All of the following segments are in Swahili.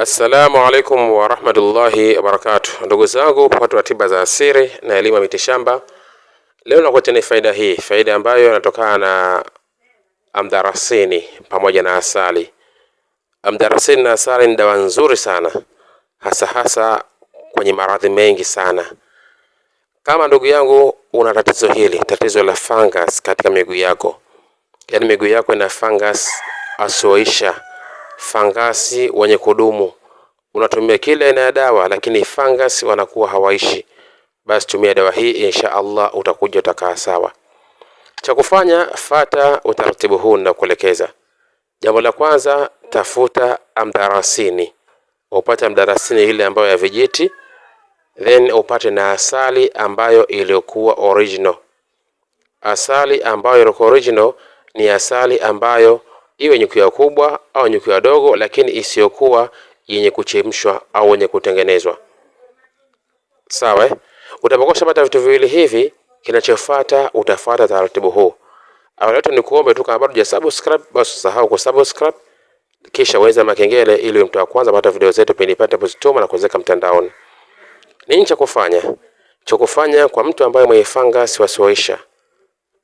Assalamu alaikum warahmatullahi wabarakatuh, ndugu zangu watu wa tiba za asili na elimu ya mitishamba. Leo ni faida hii, faida ambayo inatokana na amdarasini pamoja na asali. Amdarasini na asali ni dawa nzuri sana, hasa hasa kwenye maradhi mengi sana. Kama ndugu yangu una tatizo hili, tatizo la fungus katika miguu yako, yaani miguu yako ina fungus asioisha fangasi wenye kudumu. Unatumia kila aina ya dawa, lakini fangasi wanakuwa hawaishi, basi tumia dawa hii, insha Allah utakuja utakaa sawa. Cha kufanya, fata utaratibu huu ninakuelekeza. Jambo la kwanza, tafuta amdarasini, upate amdarasini ile ambayo ya vijiti, then upate na asali ambayo iliyokuwa original. Asali ambayo ilikuwa original ni asali ambayo iwe nyukiya kubwa au nyukiya dogo, lakini isiyokuwa yenye kuchemshwa au yenye kutengenezwa. Sawa, eh? Utapokosha vitu viwili hivi, kinachofuata utafuata taratibu huu. Awaleta ni kuombe tu, kama bado hujasubscribe basi usahau kusubscribe, kisha weza makengele ili mtu wa kwanza pata video zetu pindi pata pozituma na kuwezeka mtandaoni. Nini cha kufanya? Cha kufanya kwa mtu ambaye mwenye fangasi wasioisha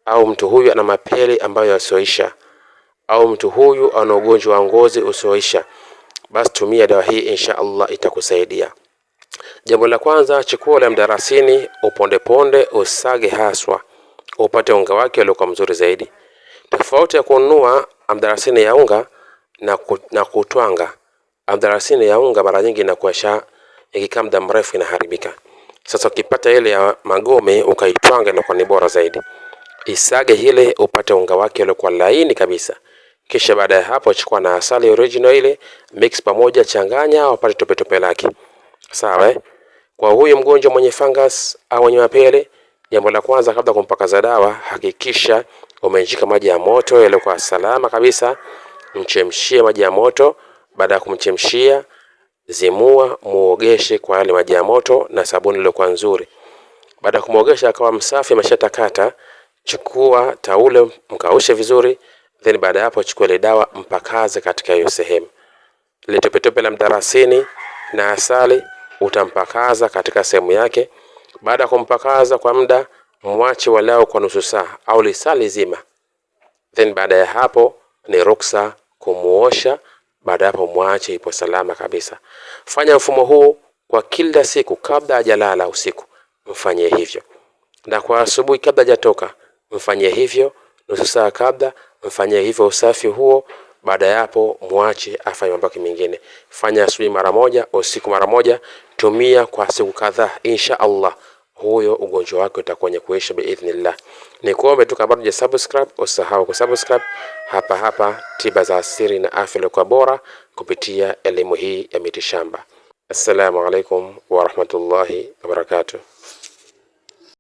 au mtu huyu ana mapele ambayo yasioisha au mtu huyu ana ugonjwa wa ngozi usioisha, basi tumia dawa hii, insha Allah itakusaidia. Jambo la kwanza, chukua la mdarasini, upondeponde, usage haswa, upate unga wake uliokuwa mzuri zaidi. Tofauti ya kununua amdarasini ya unga na, ku, na kutwanga amdarasini ya unga mara nyingi inakuasha ikikaa muda mrefu inaharibika. Sasa ukipata ile ya magome ukaitwanga inakuwa ni bora zaidi. Isage hile upate unga wake uliokuwa laini kabisa. Kisha baada ya hapo chukua na asali original ile mix pamoja, changanya wapate tope tope lake, sawa eh? Kwa huyu mgonjwa mwenye fungus au mwenye mapele, jambo la kwanza kabla kumpakaza dawa, hakikisha umenjika maji ya moto yale kwa salama kabisa, mchemshie maji ya moto. Baada ya kumchemshia, zimua, muogeshe kwa yale maji ya moto na sabuni ile kwa nzuri. Baada ya kumuogesha akawa msafi, ameshatakata, chukua taulo mkaushe vizuri then baada ya hapo chukua ile dawa mpakaze katika hiyo sehemu. tope la mdarasini na asali utampakaza katika sehemu yake. Baada ya kumpakaza kwa muda, mwache walao kwa nusu saa au lisali zima, then baada ya hapo ni ruksa kumuosha. Baada ya hapo mwache, ipo salama kabisa. Fanya mfumo huu kwa kila siku, kabla hajalala usiku mfanyie hivyo, na kwa asubuhi kabla hajatoka mfanyie hivyo, nusu saa kabla mfanyie hivyo usafi huo. Baada ya hapo, mwache afanye mambo mengine. Fanya asubuhi mara moja, usiku mara moja, tumia kwa siku kadhaa, insha Allah huyo ugonjwa wake utakuwa nye kuisha biidhnillah. Ni kuombe tu, kabla ya subscribe usahau subscribe hapa hapa Tiba za Asili na Afya Iliyokuwa Bora, kupitia elimu hii ya mitishamba. Assalamu alaikum warahmatullahi wabarakatuh.